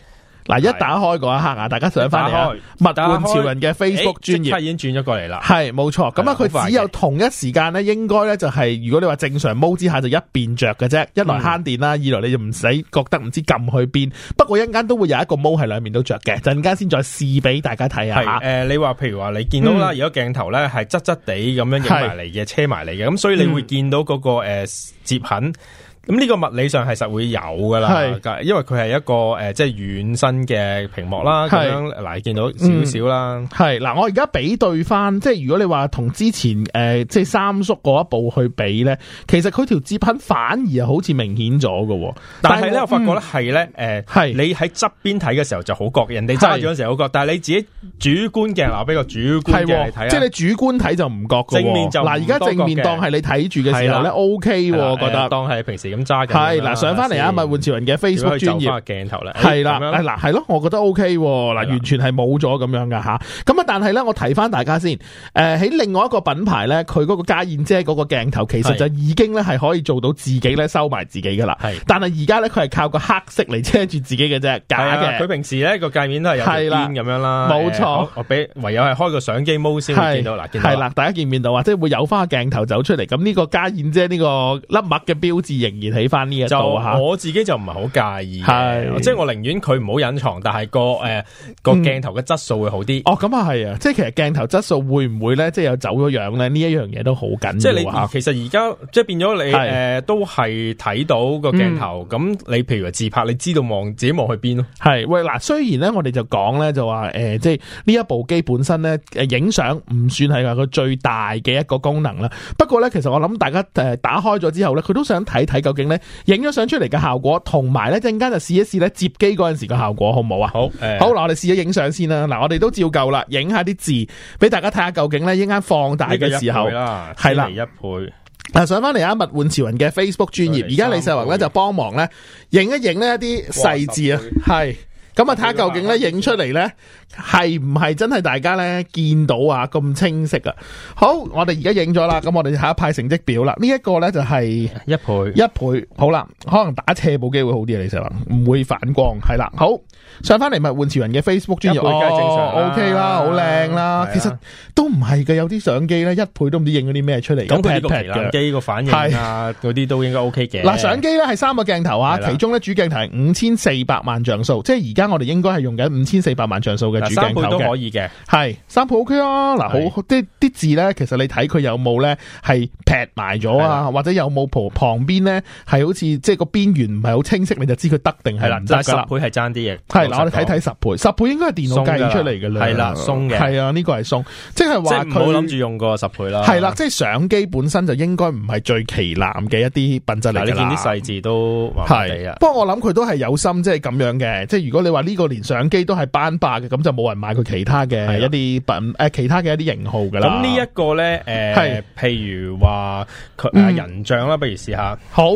嗱一打開嗰一刻啊，大家想翻嚟啊，物玩潮人嘅 Facebook 專頁、欸、已經轉咗過嚟啦，係冇錯。咁啊，佢只有同一時間咧，應該咧就係、是、如果你話正常踎之下，就一邊着嘅啫。一來慳電啦、嗯，二來你就唔使覺得唔知撳去邊。不過一陣間都會有一個踎喺兩邊都着嘅，陣間先再試俾大家睇下。誒、呃，你話譬如話你見到啦，而家鏡頭咧係側側地咁樣影埋嚟嘅，車埋嚟嘅，咁所以你會見到嗰、那個誒摺、嗯呃、痕。咁、這、呢個物理上係實會有噶啦，因為佢係一個、呃、即係軟身嘅屏幕啦。咁樣嗱，你見到少少、嗯、啦。係嗱，我而家比對翻，即係如果你話同之前、呃、即係三叔嗰一部去比咧，其實佢條接痕反而好似明顯咗喎。但係咧、嗯，我發覺咧係咧係你喺側邊睇嘅時候就好覺，人哋揸住嗰時候好覺，但係你自己主觀嘅拿俾個主觀睇，即係你主觀睇就唔覺正面就嗱，而家正面當係你睇住嘅時候咧，O K 我覺得、呃、當係平時係嗱，上翻嚟啊！物玩潮人嘅 Facebook 專頁鏡頭，係啦，係、欸、啦，係咯，我覺得 OK。嗱，完全係冇咗咁樣噶吓。咁啊，但係咧，我提翻大家先。誒、呃，喺另外一個品牌咧，佢嗰個家燕姐嗰個鏡頭，其實就已經咧係可以做到自己咧收埋自己噶啦。但係而家咧，佢係靠個黑色嚟遮住自己嘅啫，假嘅。佢平時咧個界面都係有邊咁樣啦，冇錯、呃。我俾唯有係開個相機 mode 先見到啦，係啦，大家見唔見到啊？即係會有翻個鏡頭走出嚟。咁、這、呢個家燕姐呢個粒墨嘅標誌型。而起翻呢一度吓，我自己就唔係好介意，係即係我寧願佢唔好隱藏，但係個誒、呃、個鏡頭嘅質素會好啲，嗯。哦，咁啊係啊，即係其實鏡頭質素會唔會咧，即係有走咗樣咧？呢一樣嘢都好緊要，即係你其實而家即係變咗你誒、呃，都係睇到個鏡頭。咁、嗯、你譬如自拍，你知道望自己望去邊咯？係喂嗱，雖然咧我哋就講咧就話誒、呃，即係呢一部機本身咧誒影相唔算係話個最大嘅一個功能啦。不過咧，其實我諗大家誒打開咗之後咧，佢都想睇睇究竟咧影咗相出嚟嘅效果，同埋咧陣間就試一試咧接機嗰陣時嘅效果，好唔好啊？好，好嗱、嗯嗯，我哋試咗影相先啦。嗱，我哋都照舊啦，影下啲字俾大家睇下究竟咧，一間放大嘅時候係啦，一倍，嗱、啊，上翻嚟啊，物玩潮人嘅 Facebook 專頁，而家李世宏咧就幫忙咧影一影呢一啲細字啊，係，咁啊睇下究竟咧影出嚟咧。係唔係真係大家咧見到啊咁清晰啊？好，我哋而家影咗啦，咁我哋下一派成績表啦。這個、呢、就是、一個咧就係一倍，一倍，好啦，可能打斜部機會好啲啊。你成日話唔會反光，係啦。好，上翻嚟物玩潮人嘅 Facebook 專頁，正常 OK 啦，好、哦、靚、okay、啦、啊啦啊。其實都唔係嘅，有啲相機咧一倍都唔知影咗啲咩出嚟。咁劈劈嘅機個反應啊，嗰啲都應該 OK 嘅。嗱、呃呃呃呃呃呃，相機咧係三個鏡頭啊，其中咧主鏡頭係五千四百萬像素，即係而家我哋應該係用緊五千四百萬像素嘅。三倍都可以嘅，係三倍 OK 啊！嗱，好啲啲字咧，其實你睇佢有冇咧，係劈埋咗啊，或者有冇旁旁邊咧，係好似即係個邊緣唔係好清晰，你就知佢得定係啦。但、嗯、係十倍係爭啲嘢，係嗱我哋睇睇十倍，十倍應該係電腦計出嚟嘅啦，係啦，鬆嘅，係啊，呢個係鬆，即係話唔好諗住用個十倍啦，係啦，即係相機本身就應該唔係最旗艦嘅一啲品質嚟。你見啲細字都係啊，不過我諗佢都係有心，即係咁樣嘅。即係如果你話呢個連相機都係斑駁嘅，咁就。冇人買佢其他嘅一啲品牌，其他嘅一啲型號噶啦。咁呢一個咧誒，譬如話佢誒人像啦、嗯，不如試下好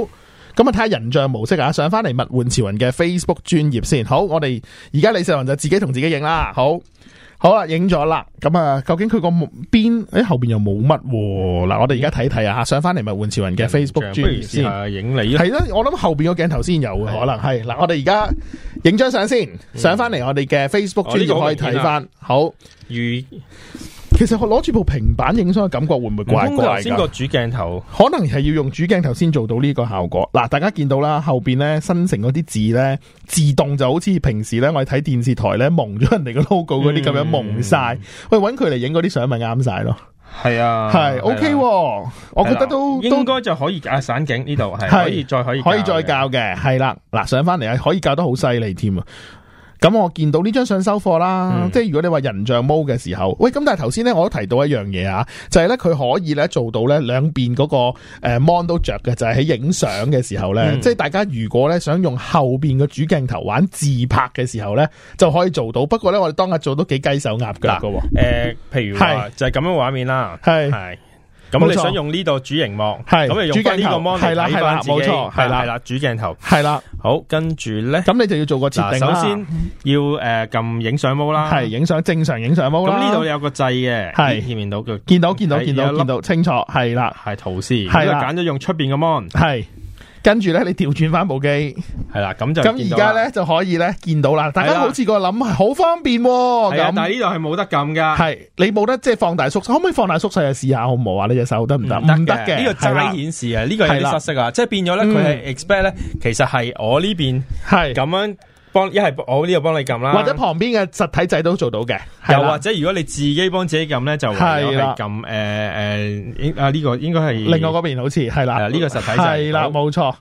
咁啊。睇下人像模式啊，上返嚟物玩潮人嘅 Facebook 專頁先好。我哋而家李世云就自己同自己影啦。好。好啦，影咗啦，咁啊，究竟佢個邊，誒，後邊又冇乜喎。嗱，我哋而家睇睇啊，上翻嚟咪換潮人嘅 Facebook 專頁先。不如先影你啦。係咯，我諗後邊個鏡頭先有嘅可能係。嗱，我哋而家影張相先，上翻嚟我哋嘅 Facebook 專頁就可以睇翻。好，如。其實我攞住部平板影相嘅感覺會唔會怪怪？先個主鏡頭，可能係要用主鏡頭先做到呢個效果。嗱、啊，大家見到啦，後邊咧，新成嗰啲字咧，自動就好似平時咧，我哋睇電視台咧，蒙咗人哋嘅 logo 嗰啲咁樣蒙晒。喂，揾佢嚟影嗰啲相咪啱晒咯。係、嗯、啊，係 OK，、啊是啊、我覺得都，、啊、都應該就可以啊。散景呢度係可以再可以可以再教嘅，係啦。嗱，上翻嚟啊，可以教得好犀利添啊！咁我見到呢張相收貨啦，嗯、即係如果你話人像 mode 嘅時候，喂，咁但係頭先咧我都提到一樣嘢啊，就係咧佢可以咧做到咧兩邊嗰個誒 mon 都着嘅，就係喺影相嘅時候咧、嗯，即係大家如果咧想用後邊嘅主鏡頭玩自拍嘅時候咧，就可以做到。不過咧我哋當日做都幾雞手鴨腳㗎喎，誒、呃，譬如話就係咁樣畫面啦，係。咁你想用呢度主熒幕，係咁你用呢個 monitor 睇翻自己，係啦，係啦，主鏡頭，係啦，好，跟住咧，咁你就要做個設定。首先要誒撳影相模啦，係影相正常影相模啦。咁呢度有個掣嘅，係見面到嘅，見到見到見到見到，見到清楚，係啦，係圖示，係啦，揀咗用出邊嘅 mon，係。跟住咧，你調轉翻部機，係啦，咁就咁而家咧就可以咧見到啦。大家好似個諗係好方便，哦，咁但係呢度係冇得撳噶。係你冇得即係放大縮細，可唔可以放大縮細去試下好唔好啊？呢、這、隻、個、手行行、這個、得唔得？唔得嘅呢個就係顯示啊，呢個係失色啊。即係變咗咧，佢係 expect 咧，嗯，其實係我呢邊係咁樣。幫一係我呢度幫你撳啦，或者旁邊嘅實體掣都做到嘅，又或者如果你自己幫自己撳咧，就係你撳誒誒，啊呢、這個應該係另外嗰邊好似係啦，呢、呃這個實體掣，係啦，冇錯。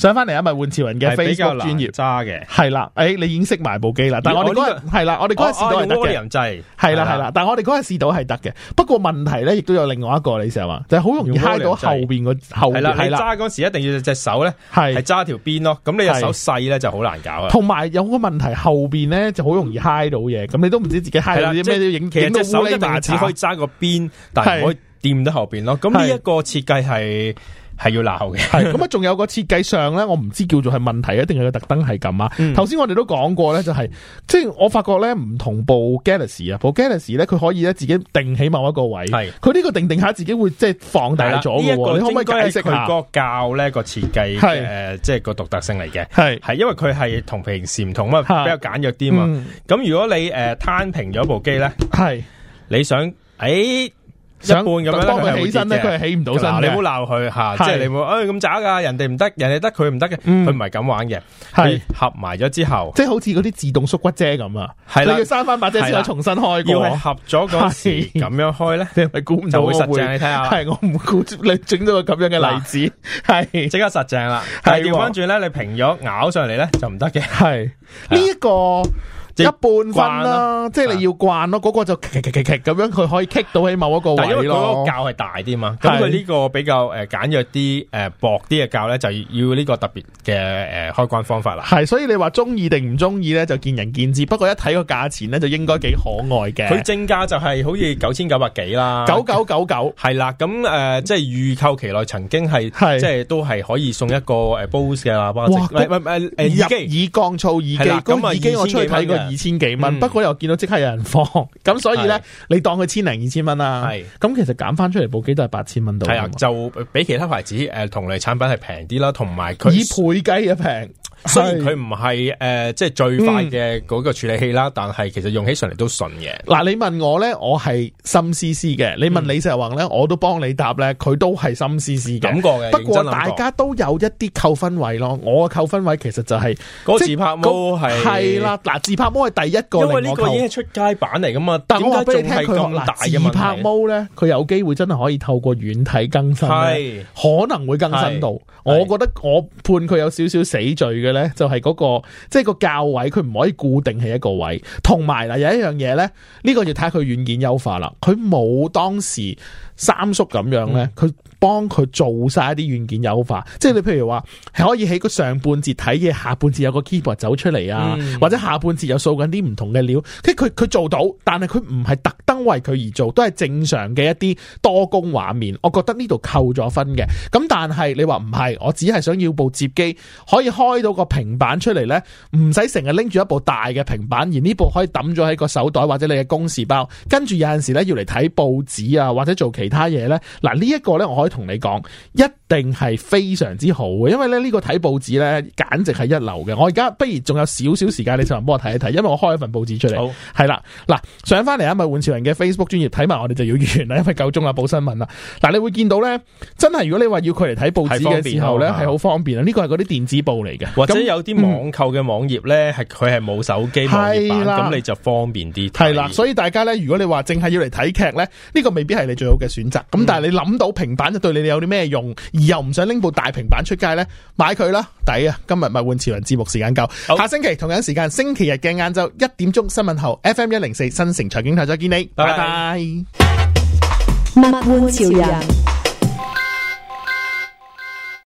上翻嚟啊！咪、就係、換潮人嘅飛機專業揸嘅，係啦，誒、哎，你已經識埋部機啦。但係我哋嗰陣係啦，我哋嗰陣試到係得嘅。係、啊、啦，係啦，但係我哋嗰陣試到係得嘅。不過問題咧，亦都有另外一個，你成日話就係、是、好容易揩到後邊個後。係啦，係啦，揸嗰時一定要隻手咧，係揸條邊咯。咁你隻手細咧就好難搞啊。同埋有個問題，後邊咧就好容易揩到嘢。咁你都唔知自己揩到啲咩。其實隻手你唔單止可以揸個邊，但係可以掂到後邊咯。咁呢一個設計係。係要鬧嘅，係咁啊！仲有個設計上咧，我唔知叫做係問題啊，定係個特登係咁啊。頭、嗯、先我哋都講過咧，就係即係我發覺咧唔同部 Galaxy 啊，部 Galaxy 咧佢可以咧自己定起某一個位，係佢呢個定定下自己會即係放大咗嘅。這個，你可唔可以解釋下個教咧個設計誒，即係個獨特性嚟嘅？係係因為佢係同平時唔同啊，比較簡約啲啊。咁、嗯、如果你誒攤、呃、平咗部機咧，係你想誒。欸一半咁樣，幫佢起身咧，佢係起唔到身嘅。嗱，你唔好鬧佢吓，即係你會，哎咁渣噶，人哋唔得，人哋得，佢唔得嘅，佢唔係咁玩嘅。佢合埋咗之後，即係好似嗰啲自動縮骨遮咁啊，係啦，你要閂翻把遮之後，重新開過。要合咗嗰時咁樣開咧，你估唔就會實正？你睇下，係我唔估你整到個咁樣嘅例子，係即刻實正啦。但係調翻轉咧，你平咗咬上嚟咧就唔得嘅。係呢一個。一半、啊、慣啦，即係你要慣咯，嗰個就咁樣佢可以棘到喺某一個位咯。教係大啲嘛，咁佢呢個比較誒簡約啲、誒、呃、薄啲嘅教咧，就要呢個特別嘅誒、呃、開關方法啦。係，所以你話中意定唔中意咧，就見仁見智。不過一睇個價錢咧，就應該幾可愛嘅。佢正價就係好似九千九百幾啦，九九九九係啦。咁誒、呃，即係預購期內曾經係即係都係可以送一個誒 Bose 嘅喇叭。哇！唔唔唔，耳、呃、耳、呃、降噪耳機咁耳機我出去睇個。二千幾蚊，嗯，不過又見到即刻有人放，咁 所以咧，你當佢千零二千蚊啦。係，咁其實減翻出嚟部機都係八千蚊度。係啊，就比其他牌子誒同類產品係平啲啦，同埋佢以倍計嘅平。雖然佢唔係誒，即係最快嘅嗰個處理器啦，嗯、但係其實用起上嚟都順嘅。嗱，你問我咧，我係心思思嘅、嗯。你問李石宏咧，我都幫你答咧，佢都係心思思嘅。感覺嘅，不過大家都有一啲扣分位咯。我嘅扣分位其實就係、是、嗰、那個、自拍貓係係啦。嗱，自拍貓係第一個，因為呢個已經係出街版嚟噶嘛。點解仲係咁大自拍貓咧？佢有機會真係可以透過軟體更新，可能會更新到。我覺得我判佢有少少死罪嘅呢，那個，就係嗰個即係個教位，佢唔可以固定喺一個位。同埋嗱，有一樣嘢呢，呢、這個要睇佢軟件優化啦。佢冇當時。三叔咁樣呢，佢幫佢做晒一啲軟件優化，即係你譬如話係可以喺個上半截睇嘢，下半截有個 keyboard 走出嚟啊，或者下半截有掃緊啲唔同嘅料，跟佢佢做到，但係佢唔係特登為佢而做，都係正常嘅一啲多工畫面。我覺得呢度扣咗分嘅。咁但係你話唔係，我只係想要部摺機可以開到個平板出嚟呢，唔使成日拎住一部大嘅平板，而呢部可以揼咗喺個手袋或者你嘅公事包，跟住有陣時呢，要嚟睇報紙啊，或者做其。其他嘢呢，嗱，呢一個呢我可以同你講，一定係非常之好嘅，因為呢個睇報紙呢，簡直係一流嘅。我而家不如仲有少少時間，你就唔幫我睇一睇，因為我開一份報紙出嚟。好係啦，嗱、嗯、上翻嚟一咪換潮人嘅 Facebook 專頁睇埋，我哋就要完啦，因為夠鐘啦，報新聞啦。嗱，你會見到呢，真係如果你話要佢嚟睇報紙嘅時候呢，係好方便啊！呢個係嗰啲電子報嚟嘅，或者有啲網購嘅網頁呢，係佢係冇手機網頁版，咁你就方便啲。係啦，所以大家呢，如果你話淨係要嚟睇劇呢，呢、呢個未必係你最好嘅選選擇咁，但係你諗到平板就對你哋有啲咩用，而又唔想拎部大平板出街呢？買佢啦，抵啊！今日咪換潮人節目時間夠，下星期同樣時間星期日嘅晏晝一點鐘新聞後，F M 一零四新城財經台再見你，拜拜。咪換潮人。